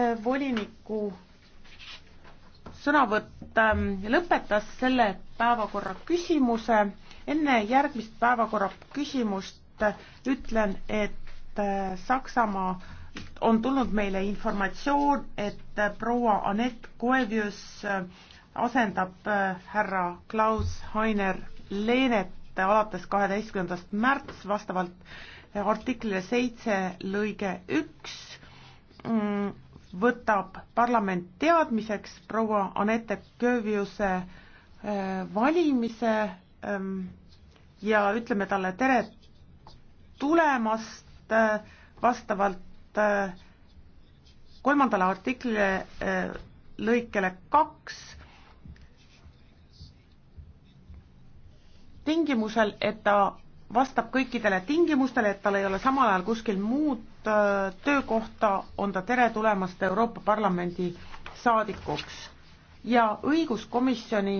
Äh, voliniku sõnavõtt ähm, lõpetas selle päevakorra küsimuse. enne järgmist päevakorra küsimust äh, ütlen, et äh, Saksamaa on tulnud meile informatsioon, et proua Anett Koevius asendab härra Klaus-Heiner Leenet alates kaheteistkümnendast märts vastavalt artiklile seitse lõige üks võtab parlament teadmiseks proua Anette Kööviuse äh, valimise ähm, ja ütleme talle tere tulemast äh, vastavalt äh, kolmandale artiklile lõikele kaks tingimusel, et ta vastab kõikidele tingimustele, et tal ei ole samal ajal kuskil muud äh, töökohta, on ta tere tulemast Euroopa Parlamendi saadikuks ja õiguskomisjoni